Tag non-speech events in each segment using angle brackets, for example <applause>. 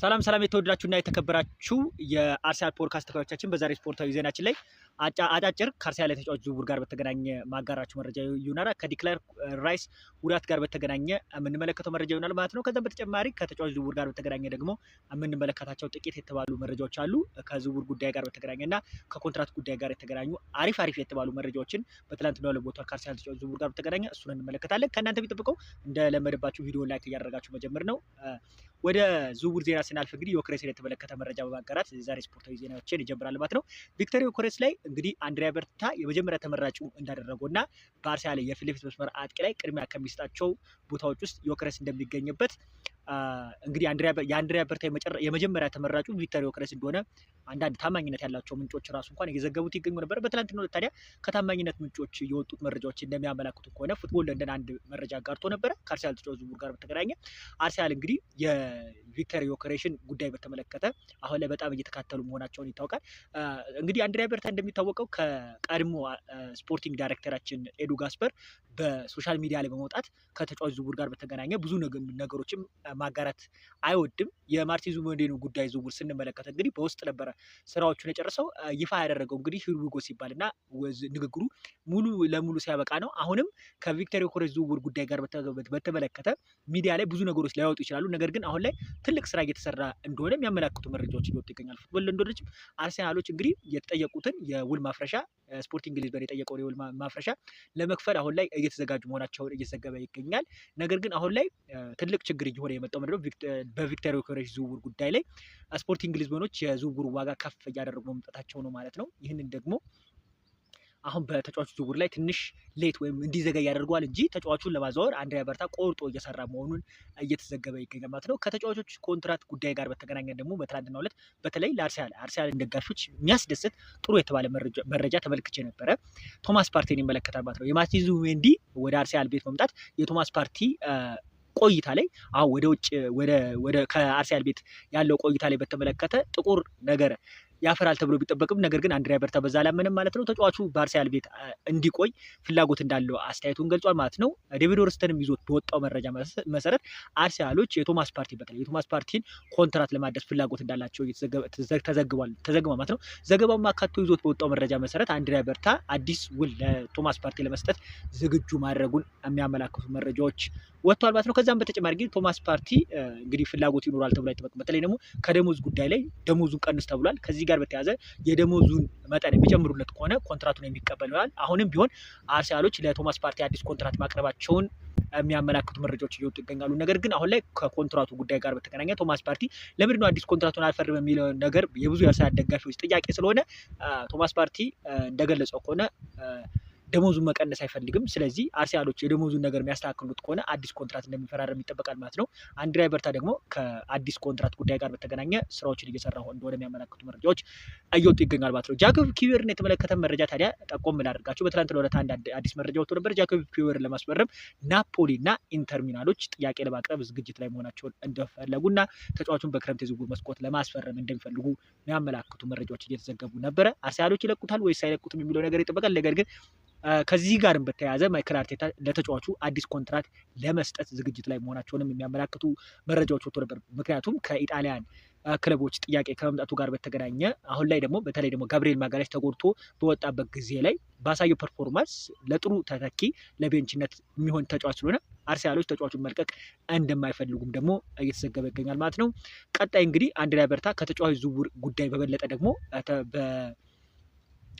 ሰላም ሰላም የተወደዳችሁና የተከበራችሁ የአርሰናል ፖድካስት ተከታዮቻችን በዛሬ ስፖርታዊ ዜናችን ላይ አጫጭር ከአርሰናል የተጫዋች ዝውውር ጋር በተገናኘ ማጋራችሁ መረጃ ይሆናል። ከዲክላር ራይስ ጉዳት ጋር በተገናኘ የምንመለከተው መረጃ ይሆናል ማለት ነው። ከዚም በተጨማሪ ከተጫዋች ዝውውር ጋር በተገናኘ ደግሞ የምንመለከታቸው ጥቂት የተባሉ መረጃዎች አሉ። ከዝውውር ጉዳይ ጋር በተገናኘ እና ከኮንትራት ጉዳይ ጋር የተገናኙ አሪፍ አሪፍ የተባሉ መረጃዎችን በትላንትና ለቦታ ከአርሰናል ተጫዋች ዝውውር ጋር በተገናኘ እሱን እንመለከታለን። ከእናንተ የሚጠብቀው እንደለመደባችሁ ቪዲዮ ላይክ እያደረጋችሁ መጀመር ነው። ወደ ዝውውር ዜና ከዛ ስናልፍ እንግዲህ የተመለከተ መረጃ በማጋራት ዛሬ ስፖርታዊ ዜናዎችን ይጀምራል ማለት ነው። ቪክተር ዮክሬስ ላይ እንግዲህ አንድሪያ በርታ የመጀመሪያ ተመራጩ እንዳደረገው እና በአርሰናል የፊት ለፊት መስመር አጥቂ ላይ ቅድሚያ ከሚሰጣቸው ቦታዎች ውስጥ ዮክሬስ እንደሚገኝበት እንግዲህ የአንድሪያ በርታ የመጀመሪያ ተመራጩ ቪክተር ዮክሬስ እንደሆነ አንዳንድ ታማኝነት ያላቸው ምንጮች ራሱ እንኳን እየዘገቡት ይገኙ ነበር። በትላንትናው ዕለት ታዲያ ከታማኝነት ምንጮች የወጡት መረጃዎች እንደሚያመላክቱ ከሆነ ፉትቦል ለንደን አንድ መረጃ አጋርቶ ነበረ ከአርሰናል ተጫዋች ዝውውር ጋር በተገናኘ አርሰናል እንግዲህ የቪክተር ዮክሬስ ኦፕሬሽን ጉዳይ በተመለከተ አሁን ላይ በጣም እየተካተሉ መሆናቸውን ይታወቃል። እንግዲህ አንድሪያ በርታ እንደሚታወቀው ከቀድሞ ስፖርቲንግ ዳይሬክተራችን ኤዱ ጋስፐር በሶሻል ሚዲያ ላይ በመውጣት ከተጫዋች ዝውውር ጋር በተገናኘ ብዙ ነገሮችም ማጋራት አይወድም። የማርቲን ዙቢሜንዲን ጉዳይ ዝውውር ስንመለከት እንግዲህ በውስጥ ነበረ ስራዎቹን የጨርሰው ይፋ ያደረገው እንግዲህ ሂርዊጎ ሲባል እና ንግግሩ ሙሉ ለሙሉ ሲያበቃ ነው። አሁንም ከቪክተር ዮከሬስ ዝውውር ጉዳይ ጋር በተመለከተ ሚዲያ ላይ ብዙ ነገሮች ላይወጡ ይችላሉ። ነገር ግን አሁን ላይ ትልቅ ስራ እየተሰራ እንደሆነ የሚያመላክቱ መረጃዎች እየወጡ ይገኛል። ፉትቦል ለንደኖችም አርሴናሎች እንግዲህ የተጠየቁትን የውል ማፍረሻ ስፖርቲንግ ሊዝበን የጠየቀውን የውል ማፍረሻ ለመክፈል አሁን ላይ እየተዘጋጁ መሆናቸውን እየዘገበ ይገኛል። ነገር ግን አሁን ላይ ትልቅ ችግር እየሆነ የመጣው ምንድነው በቪክተር ዮኬሬሽ ዝውውር ጉዳይ ላይ ስፖርቲንግ ሊዝበኖች የዝውውሩ ዋጋ ከፍ እያደረጉ መምጣታቸው ነው ማለት ነው። ይህንን ደግሞ አሁን በተጫዋቹ ዝውውር ላይ ትንሽ ሌት ወይም እንዲዘገይ ያደርገዋል እንጂ ተጫዋቹን ለማዘዋወር አንድሪያ በርታ ቆርጦ እየሰራ መሆኑን እየተዘገበ ይገኛል ማለት ነው። ከተጫዋቾች ኮንትራት ጉዳይ ጋር በተገናኘ ደግሞ በትናንትናው ዕለት በተለይ ለአርሰናል አርሰናል ደጋፊዎች የሚያስደስት ጥሩ የተባለ መረጃ ተመልክቼ ነበረ። ቶማስ ፓርቲን ይመለከታል ማለት ነው። የማቲዙ ሜንዲ ወደ አርሰናል ቤት መምጣት የቶማስ ፓርቲ ቆይታ ላይ አሁን ወደ ውጭ ወደ ከአርሰናል ቤት ያለው ቆይታ ላይ በተመለከተ ጥቁር ነገር ያፈራል ተብሎ ቢጠበቅም ነገር ግን አንድሪያ በርታ በዛ አላመንም ማለት ነው። ተጫዋቹ በአርሰናል ቤት እንዲቆይ ፍላጎት እንዳለው አስተያየቱን ገልጿል ማለት ነው። ዴቪድ ኦርንስትንም ይዞት በወጣው መረጃ መሰረት አርሰናሎች የቶማስ ፓርቲ በተለይ የቶማስ ፓርቲን ኮንትራት ለማድረስ ፍላጎት እንዳላቸው ተዘግቧል ማለት ነው። ዘገባውን አካቶ ይዞት በወጣው መረጃ መሰረት አንድሪያ በርታ አዲስ ውል ለቶማስ ፓርቲ ለመስጠት ዝግጁ ማድረጉን የሚያመላክቱ መረጃዎች ወጥቷል ማለት ነው። ከዛም በተጨማሪ ግን ቶማስ ፓርቲ እንግዲህ ፍላጎት ይኖራል ተብሎ አይጠበቅም። በተለይ ደግሞ ከደሞዝ ጉዳይ ላይ ደሞዙን ቀንስ ተብሏል። ከዚህ ጋር በተያያዘ የደሞዙን መጠን የሚጨምሩለት ከሆነ ኮንትራቱን የሚቀበል ይሆናል። አሁንም ቢሆን አርሰናሎች ለቶማስ ፓርቲ አዲስ ኮንትራት ማቅረባቸውን የሚያመላክቱ መረጃዎች እየወጡ ይገኛሉ። ነገር ግን አሁን ላይ ከኮንትራቱ ጉዳይ ጋር በተገናኘ ቶማስ ፓርቲ ለምድ ነው አዲስ ኮንትራቱን አልፈርም የሚለው ነገር የብዙ የአርሰናል ደጋፊዎች ጥያቄ ስለሆነ ቶማስ ፓርቲ እንደገለጸው ከሆነ ደሞዙን መቀነስ አይፈልግም። ስለዚህ አርሰናሎች የደሞዙን ነገር የሚያስተካክሉት ከሆነ አዲስ ኮንትራት እንደሚፈራረም ይጠበቃል ማለት ነው። አንድሪያ በርታ ደግሞ ከአዲስ ኮንትራት ጉዳይ ጋር በተገናኘ ስራዎችን እየሰራ እንደሆነ የሚያመላክቱ መረጃዎች እየወጡ ይገኛል ማለት ነው። ጃኮብ ኪዌርን የተመለከተ መረጃ ታዲያ ጠቆም ላደርጋቸው። በትላንት ዕለት አንድ አዲስ መረጃ ወጥቶ ነበር። ጃኮብ ኪዌርን ለማስፈረም ናፖሊ እና ኢንተር ሚላኖች ጥያቄ ለማቅረብ ዝግጅት ላይ መሆናቸውን እንደፈለጉ እና ተጫዋቹን በክረምት የዝውውር መስኮት ለማስፈረም እንደሚፈልጉ የሚያመላክቱ መረጃዎች እየተዘገቡ ነበረ። አርሰናሎች ይለቁታል ወይስ አይለቁትም የሚለው ነገር ይጠበቃል። ነገር ግን ከዚህ ጋርም በተያያዘ ማይክል አርቴታ ለተጫዋቹ አዲስ ኮንትራት ለመስጠት ዝግጅት ላይ መሆናቸውንም የሚያመላክቱ መረጃዎች ወጥቶ ነበር። ምክንያቱም ከኢጣሊያን ክለቦች ጥያቄ ከመምጣቱ ጋር በተገናኘ አሁን ላይ ደግሞ በተለይ ደግሞ ገብርኤል ማጋለሽ ተጎድቶ በወጣበት ጊዜ ላይ ባሳየው ፐርፎርማንስ ለጥሩ ተተኪ ለቤንችነት የሚሆን ተጫዋች ስለሆነ አርሰናሎች ተጫዋቹን መልቀቅ እንደማይፈልጉም ደግሞ እየተዘገበ ይገኛል ማለት ነው። ቀጣይ እንግዲህ አንድ ላይ በርታ ከተጫዋች ዝውውር ጉዳይ በበለጠ ደግሞ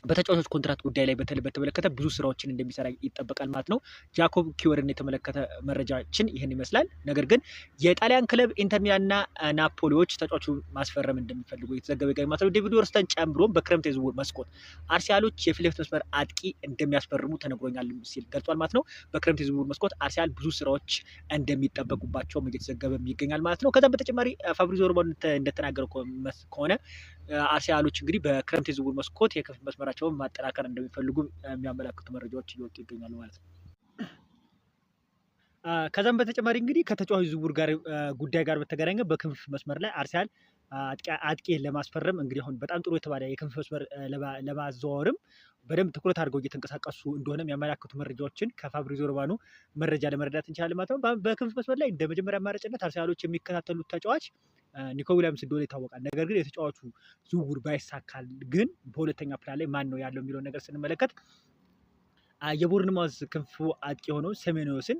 በተጫዋቾች ኮንትራት ጉዳይ ላይ በተመለከተ ብዙ ስራዎችን እንደሚሰራ ይጠበቃል ማለት ነው። ጃኮብ ኪወርን የተመለከተ መረጃችን ይህን ይመስላል። ነገር ግን የጣሊያን ክለብ ኢንተር ሚላንና ናፖሊዎች ተጫዋቹ ማስፈረም እንደሚፈልጉ የተዘገበ ይገኝ ማለት ነው። ዴቪድ ወርስተን ጨምሮም በክረምት የዝውውር መስኮት አርሲያሎች የፊት ለፊት መስመር አጥቂ እንደሚያስፈርሙ ተነግሮኛል ሲል ገልጿል ማለት ነው። በክረምት የዝውውር መስኮት አርሲያል ብዙ ስራዎች እንደሚጠበቁባቸውም እየተዘገበ ይገኛል ማለት ነው። ከዛም በተጨማሪ ፋብሪዞ ሮማኖ እንደተናገረው ከሆነ አርሲያሎች እንግዲህ በክረምት የዝውውር መስኮት የክፍት መስመራ አቅማቸውን ማጠናከር እንደሚፈልጉ የሚያመላክቱ መረጃዎች እየወጡ ይገኛሉ ማለት ነው። ከዛም በተጨማሪ እንግዲህ ከተጫዋች ዝውውር ጋር ጉዳይ ጋር በተገናኘ በክንፍ መስመር ላይ አርሰናል አጥቂ ለማስፈረም እንግዲህ አሁን በጣም ጥሩ የተባለ የክንፍ መስመር ለማዘዋወርም በደንብ ትኩረት አድርገው እየተንቀሳቀሱ እንደሆነ የሚያመላክቱ መረጃዎችን ከፋብሪዚዮ ሮማኖ መረጃ ለመረዳት እንችላለን ማለት ነው። በክንፍ መስመር ላይ እንደ መጀመሪያ አማራጭነት አርሰናሎች የሚከታተሉት ተጫዋች ኒኮ ዊሊያምስ እንደሆነ ይታወቃል። ነገር ግን የተጫዋቹ ዝውውር ባይሳካል ግን በሁለተኛ ፕላን ላይ ማን ነው ያለው የሚለውን ነገር ስንመለከት የቦርንማውዝ ክንፉ አጥቂ የሆነው ሴሜንዮስን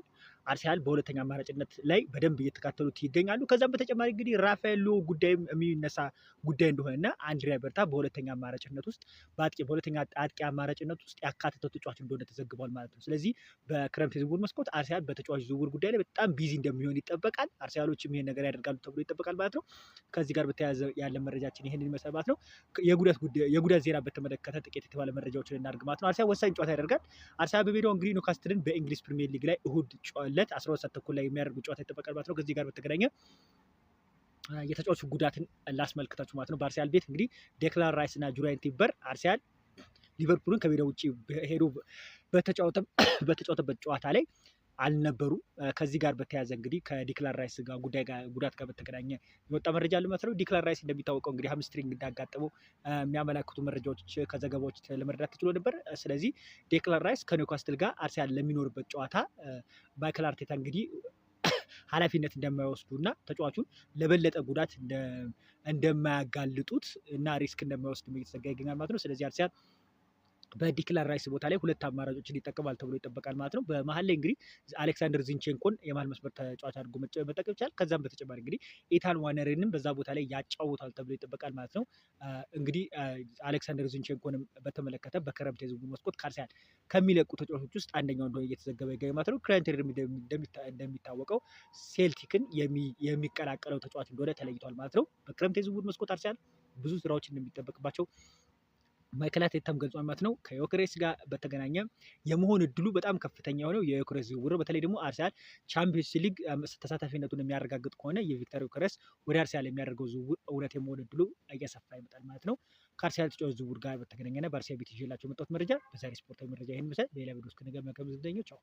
አርሰናል በሁለተኛ አማራጭነት ላይ በደንብ እየተካተሉት ይገኛሉ። ከዛም በተጨማሪ እንግዲህ ራፋኤል ሎ ጉዳይ የሚነሳ ጉዳይ እንደሆነ እንደሆነና አንድሪያ በርታ በሁለተኛ አማራጭነት ውስጥ በአጥቂ በሁለተኛ አጥቂ አማራጭነት ውስጥ ያካተተው ተጫዋች እንደሆነ ተዘግቧል ማለት ነው። ስለዚህ በክረምት ዝውውር መስኮት አርሰናል በተጫዋች ዝውውር ጉዳይ ላይ በጣም ቢዚ እንደሚሆን ይጠበቃል። አርሰናሎችም ይሄን ነገር ያደርጋሉ ተብሎ ይጠበቃል ማለት ነው። ከዚህ ጋር በተያያዘ ያለ መረጃችን ይህንን ይመስላል ማለት ነው። የጉዳት ዜና በተመለከተ ጥቂት የተባለ መረጃዎችን እናድርግ ማለት ነው። አርሰናል ወሳኝ ጨዋታ ያደርጋል። አርሰናል በሜዳው እንግዲህ ኒውካስትልን በእንግሊዝ ፕሪሚየር ሊግ ላይ እሁድ ለት አስራ ሁለት ሰዓት ተኩል ላይ የሚያደርጉ ጨዋታ ይጠበቃል ነው። ከዚህ ጋር በተገናኘ የተጫዋቹ ጉዳትን ላስመልክታችሁ ማለት ነው። በአርሲያል ቤት እንግዲህ ዴክላን ራይስ እና ጁሪያን ቲምበር አርሲያል ሊቨርፑልን ከሜዳ ውጭ ሄዶ በተጫወተበት ጨዋታ ላይ አልነበሩም። ከዚህ ጋር በተያያዘ እንግዲህ ከዲክላን ራይስ ጋር ጉዳይ ጋር ጉዳት ጋር በተገናኘ የወጣ መረጃ ልመስለው ዲክላን ራይስ እንደሚታወቀው እንግዲህ ሀምስትሪንግ እንዳጋጠመው የሚያመላክቱ መረጃዎች ከዘገባዎች ለመረዳት ተችሎ ነበር። ስለዚህ ዲክላን ራይስ ከኒውካስትል ጋር አርሰናል ለሚኖርበት ጨዋታ ማይክል አርቴታ እንግዲህ <coughs> ኃላፊነት እንደማይወስዱ እና ተጫዋቹን ለበለጠ ጉዳት እንደማያጋልጡት እና ሪስክ እንደማይወስድ እየተዘጋ ይገኛል ማለት ነው። ስለዚህ አርሰናል በዲክላን ራይስ ቦታ ላይ ሁለት አማራጮችን ይጠቀማል ተብሎ ይጠበቃል ማለት ነው። በመሀል ላይ እንግዲህ አሌክሳንደር ዚንቼንኮን የመሀል መስመር ተጫዋች አድርጎ መጠቀም ይቻላል። ከዛም በተጨማሪ እንግዲህ ኢታን ዋነርንም በዛ ቦታ ላይ ያጫውታል ተብሎ ይጠበቃል ማለት ነው። እንግዲህ አሌክሳንደር ዚንቼንኮንም በተመለከተ በክረምት የዝውውር መስኮት አርሰናል ከሚለቁ ተጫዋቾች ውስጥ አንደኛው እንደሆነ እየተዘገበ ይገኛል ማለት ነው። ክራያን እንደሚታወቀው ሴልቲክን የሚቀላቀለው ተጫዋች እንደሆነ ተለይቷል ማለት ነው። በክረምት የዝውውር መስኮት አርሲያል ብዙ ስራዎች እንደሚጠበቅባቸው መክላት አርቴታም ገልጿል ማለት ነው። ከዮክሬስ ጋር በተገናኘ የመሆን እድሉ በጣም ከፍተኛ የሆነው የዮክሬስ ዝውውር በተለይ ደግሞ አርሰናል ቻምፒዮንስ ሊግ ተሳታፊነቱን የሚያረጋግጥ ከሆነ የቪክተር ዮክሬስ ወደ አርሰናል የሚያደርገው ዝውውር እውነት የመሆን እድሉ እየሰፋ ይመጣል ማለት ነው። ከአርሰናል ተጫዋች ዝውውር ጋር በተገናኘና በአርሰናል ቤት ይዤላቸው የመጣሁት መረጃ በዛሬ ስፖርታዊ መረጃ ይህን መሰል። ሌላ ቪዲዮ እስክንገናኝ መልካም ጊዜ። ቻው